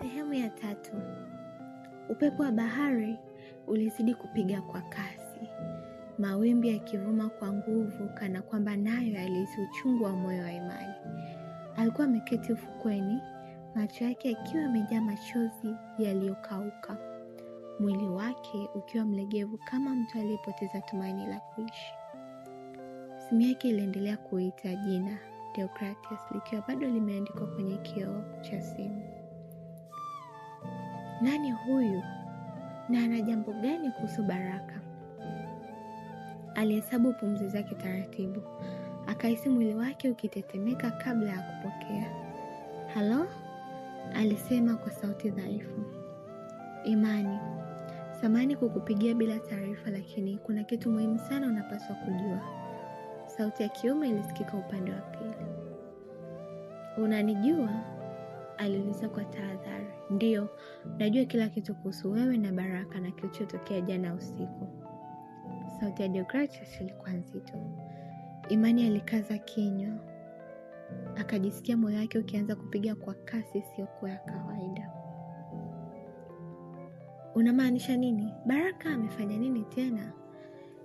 Sehemu ya tatu. Upepo wa bahari ulizidi kupiga kwa kasi, mawimbi yakivuma kwa nguvu, kana kwamba nayo yalihisi uchungu wa moyo wa Imani. Alikuwa ameketi ufukweni, macho yake yakiwa yamejaa machozi yaliyokauka, mwili wake ukiwa mlegevu kama mtu aliyepoteza tumaini la kuishi. Simu yake iliendelea kuita jina Deogratias likiwa bado limeandikwa kwenye kioo cha simu nani huyu na ana jambo gani kuhusu Baraka? Alihesabu pumzi zake taratibu, akahisi mwili wake ukitetemeka kabla ya kupokea. Halo, alisema kwa sauti dhaifu. Imani, samani kukupigia bila taarifa, lakini kuna kitu muhimu sana unapaswa kujua. Sauti ya kiume ilisikika upande wa pili. Unanijua? aliuliza kwa tahadhari. Ndiyo, najua kila kitu kuhusu wewe na Baraka na kilichotokea jana usiku. Sauti ya Deogratias ilikuwa nzito. Imani alikaza kinywa, akajisikia moyo wake ukianza kupiga kwa kasi isiyokuwa ya kawaida. Unamaanisha nini? Baraka amefanya nini tena?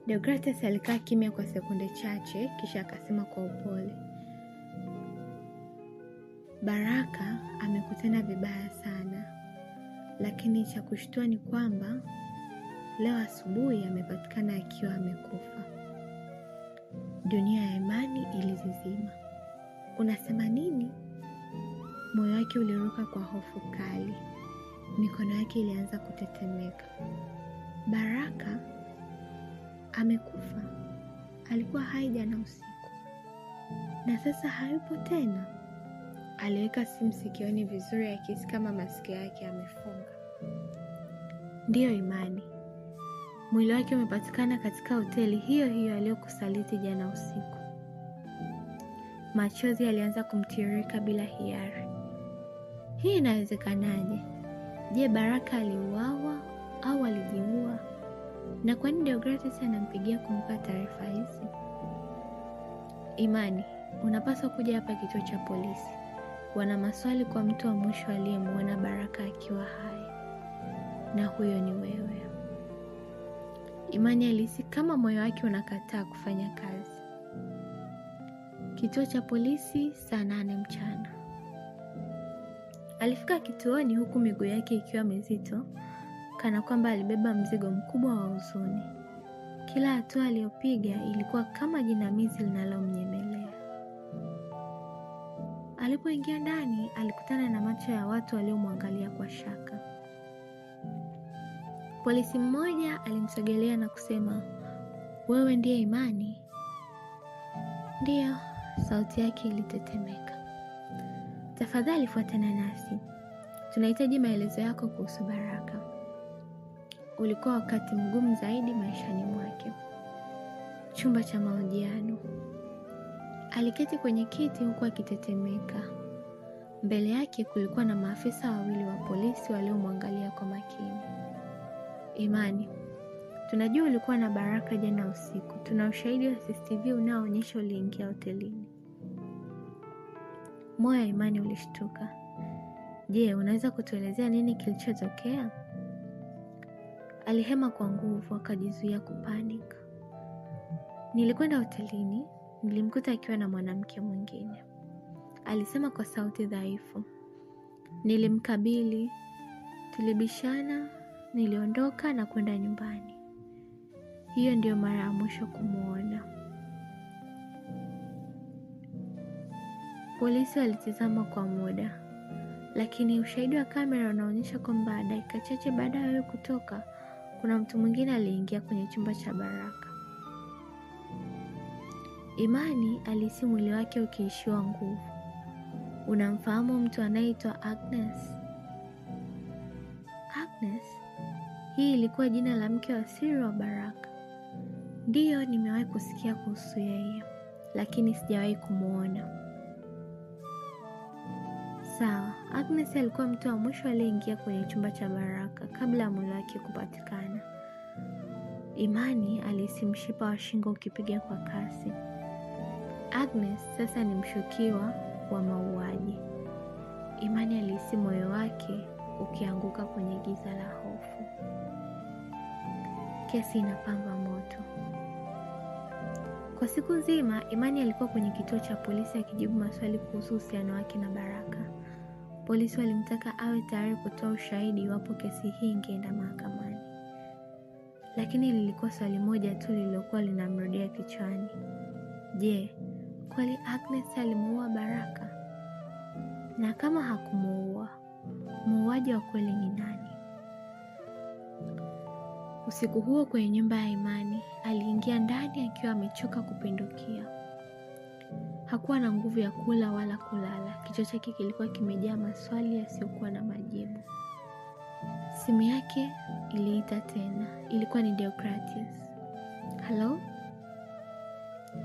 Deogratias alikaa kimya kwa sekunde chache, kisha akasema kwa upole Baraka amekutana vibaya sana, lakini cha kushtua ni kwamba leo asubuhi amepatikana akiwa amekufa. Dunia ya imani ilizizima. Unasema nini? Moyo wake uliruka kwa hofu kali, mikono yake ilianza kutetemeka. Baraka amekufa. Alikuwa hai jana usiku na sasa hayupo tena. Aliweka simu sikioni vizuri akihisi kama masikio yake amefunga Ndiyo Imani, mwili wake umepatikana katika hoteli hiyo hiyo aliyokusaliti jana usiku. Machozi alianza kumtiririka bila hiari. Hii inawezekanaje? Je, Baraka aliuawa au alijiua? Na kwani nini anampigia kumpa taarifa hizi? Imani, unapaswa kuja hapa kituo cha polisi wana maswali kwa mtu wa mwisho aliyemwona Baraka akiwa hai, na huyo ni wewe. Imani alihisi kama moyo wake unakataa kufanya kazi. Kituo cha polisi saa nane mchana. Alifika kituoni huku miguu yake ikiwa mizito, kana kwamba alibeba mzigo mkubwa wa huzuni. Kila hatua aliyopiga ilikuwa kama jinamizi linalomnyemea. Alipoingia ndani, alikutana na macho ya watu waliomwangalia kwa shaka. Polisi mmoja alimsogelea na kusema, wewe ndiye Imani? Ndiyo, sauti yake ilitetemeka. Tafadhali fuatana nasi, tunahitaji maelezo yako kuhusu Baraka. Ulikuwa wakati mgumu zaidi maishani mwake. Chumba cha mahojiano. Aliketi kwenye kiti huku akitetemeka. Mbele yake kulikuwa na maafisa wawili wa polisi waliomwangalia kwa makini. Imani, tunajua ulikuwa na Baraka jana usiku. Tuna ushahidi wa CCTV unaoonyesha uliingia hotelini. Moyo wa Imani ulishtuka. Je, unaweza kutuelezea nini kilichotokea? Alihema kwa nguvu, akajizuia kupanika. Nilikwenda hotelini Nilimkuta akiwa na mwanamke mwingine, alisema kwa sauti dhaifu. Nilimkabili, tulibishana, niliondoka na kwenda nyumbani. Hiyo ndiyo mara ya mwisho kumwona. Polisi walitizama kwa muda, lakini ushahidi wa kamera unaonyesha kwamba dakika chache baada ya wewe kutoka, kuna mtu mwingine aliingia kwenye chumba cha Baraka. Imani alihisi mwili wake ukiishiwa nguvu. Unamfahamu mtu anayeitwa Agnes? Agnes, hii ilikuwa jina la mke wa siri wa Baraka. Ndiyo, nimewahi kusikia kuhusu yeye, lakini sijawahi kumwona. Sawa. Agnes alikuwa mtu wa mwisho aliyeingia kwenye chumba cha Baraka kabla ya mwili wake kupatikana. Imani alihisi mshipa wa shingo ukipiga kwa kasi. Agnes sasa ni mshukiwa wa mauaji. Imani alihisi moyo wake ukianguka kwenye giza la hofu. Kesi inapamba moto. Kwa siku nzima, Imani alikuwa kwenye kituo cha polisi akijibu maswali kuhusu uhusiano wake na Baraka. Polisi walimtaka awe tayari kutoa ushahidi iwapo kesi hii ingeenda mahakamani, lakini lilikuwa swali moja tu lililokuwa linamrudia kichwani: je, kweli Agnes alimuua Baraka? Na kama hakumuua, muuaji wa kweli ni nani? Usiku huo kwenye nyumba ya Imani, aliingia ndani akiwa amechoka kupindukia. Hakuwa na nguvu ya kula wala kulala. Kichwa chake kilikuwa kimejaa maswali yasiyokuwa na majibu. Simu yake iliita tena. Ilikuwa ni Deocrates. Halo?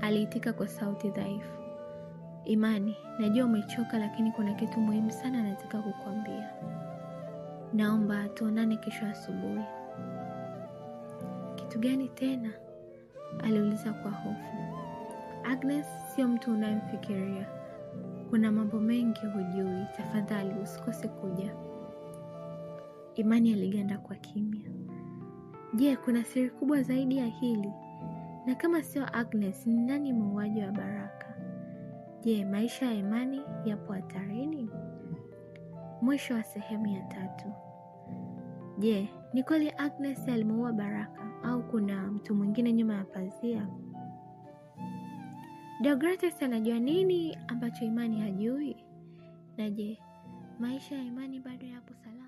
aliitika kwa sauti dhaifu. Imani, najua umechoka, lakini kuna kitu muhimu sana nataka kukwambia. Naomba tuonane kesho asubuhi. Kitu gani tena? aliuliza kwa hofu. Agnes sio mtu unayemfikiria, kuna mambo mengi hujui. Tafadhali usikose kuja. Imani aliganda kwa kimya. Je, kuna siri kubwa zaidi ya hili? na kama sio Agnes, ni nani muuaji wa Baraka? Je, maisha ya Imani yapo hatarini? Mwisho wa sehemu ya tatu. Je, ni kweli Agnes alimuua Baraka au kuna mtu mwingine nyuma ya pazia? Deogratias anajua nini ambacho Imani hajui? Na je, maisha ya Imani bado yapo salama?